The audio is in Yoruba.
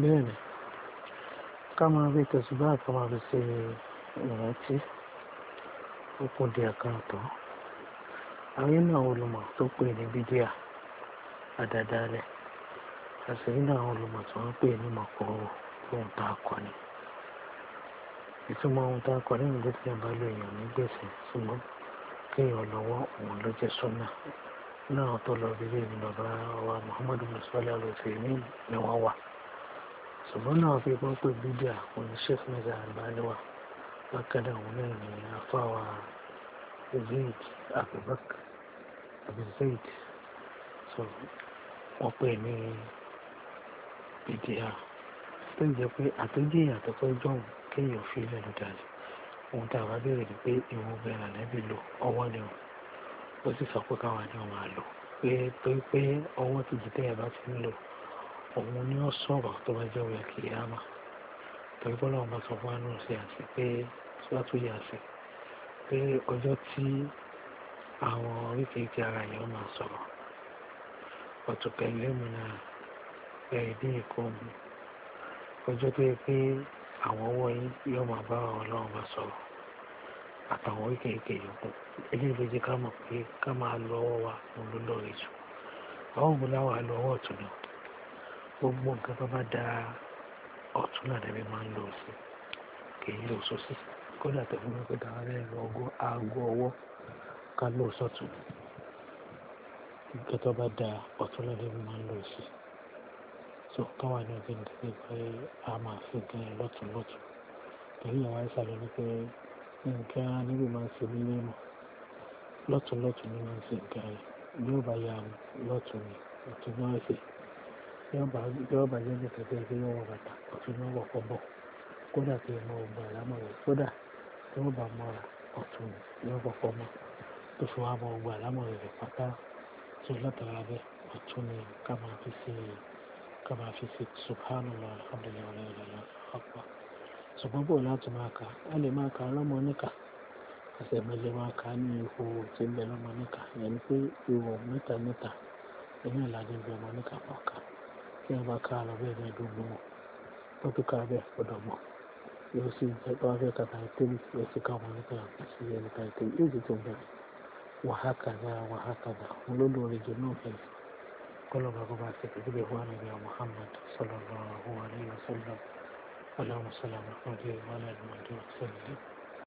Bẹ́ẹ̀ni, ká máa gbé tẹ̀sùbá ká máa fi ṣe ìrántí ó kù díẹ̀ káàtò. A rí nínú àwọn olùmọ̀ tó na ní bídíà àdádálẹ̀, a sì rí nínú àwọn olùmọ̀ tí wọ́n pè ní mọ̀kúròhù ohun tá a ni. Ìtumọ̀ ohun tá a kọ̀ nínú ìdí tí a lo èèyàn Muhammadu Musa ni wọ́n wà. ṣùgbọ́n náà fi kún pé bídíà àwọn sheikh mirza albaniwa bákanáà òun náà ní afáwa zayd abubakar abu zayd so wọ́n pè ní bídíà tó jẹ́ pé àtúndìyàn tó kọ́ jọ̀hún kéèyàn fi lẹ́nu dàlẹ́ ohun tá a bá béèrè ni pé ìwọ̀n bẹ̀rẹ̀ ànábì lò ọwọ́ ni o ó sì sọ pé káwa ni wọ́n máa lò pé pé ọwọ́ kejì tẹ́yà bá ti ń lò òun ni ó sọ̀rọ̀ tó bá jẹ́ òyà kìyàmà torí bọ́lá ọmọ sọ fún àánú sí àti pé sọ́tún yà sí pé ọjọ́ tí àwọn oríkèéjì ara yẹn máa sọ̀rọ̀ ọ̀tùkẹ́lẹ́ mi náà bẹ̀rẹ̀ bí nǹkan mi ọjọ́ tó yẹ pé àwọn ọwọ́ yín yóò máa bá ọlọ́run máa sọ̀rọ̀ àtàwọn oríkèéjì yòókù eléyìí ló jẹ́ ká mọ̀ pé ká máa lọ ọwọ́ wa òun ló lọ́ọ̀rẹ́ jù àwọn òun láwàá lọ ọwọ́ ọ̀tún náà gbogbo nǹkan tó bá da ọ̀tún náà lẹ́bi máa ń lọ sí kì í lọ sósì kódà tó fún mi pé káwọn lè lọ ọgọ́ aago ọwọ́ ká lọ sọ́tún nǹkan tó bá da ọ̀tún náà lẹ́bi máa ń lọ sí so káwọn ní ọdún ní ti pé a máa fi nǹkan yẹn lọ́tún lọ́tún èyí àwọn ìsàlẹ̀ ni pé nǹkan níbi máa ń ṣe mí lémọ̀ lọ́tún lọ́tún ni máa ń ṣe nǹkan yẹn yóò bá ya lọ́tún ni ọ̀tún náà ṣe yóò bá jẹ́ nìkan tó yẹ kí yóò wọ bàtà ọ̀tún ní ọwọ́ pọ̀ bọ̀ kódà kí ọmọ ògbà lámọ̀ rẹ̀ kódà tí ó bá mọ́ra ọ̀tún ní ọwọ́ pọ̀ mọ́ tó fi wá mọ ògbà lámọ̀ rẹ̀ pátá tó látara bẹ́ẹ̀ ọ̀tún ni ká máa ká ní ihò tí ń bẹ lọ́mọ níkà yẹn pé ihò mẹ́ta mẹ́ta ẹ̀yìn ìlànà ìgbẹ̀mọ níkà pọ̀ kà tí wọ́n bá ká lọ bẹ́ẹ̀ mẹ́ẹ̀ẹ́dógún wọn tó tó ká bẹ́ẹ̀ fọdọ̀ mọ́ yóò sì jẹ́ tó wá fẹ́ ka tàyè tẹ́lẹ̀ yóò sì ká wọn nípa ìpèsè ẹni tàyè tẹ́lẹ̀ yóò sì tó bẹ̀rẹ̀ wàhákàdá wàhákàdá olólùwẹ̀rẹ̀ jù náà fẹ̀yìn kọlọ́ba kó bá ṣe pẹ̀lú ìwà Muhammad sallallahu alaihi wasallam aláwọ̀ sọlọ́mọ́ ọdún ìwà lẹ́nu ọdún ọ̀sẹ̀ yìí.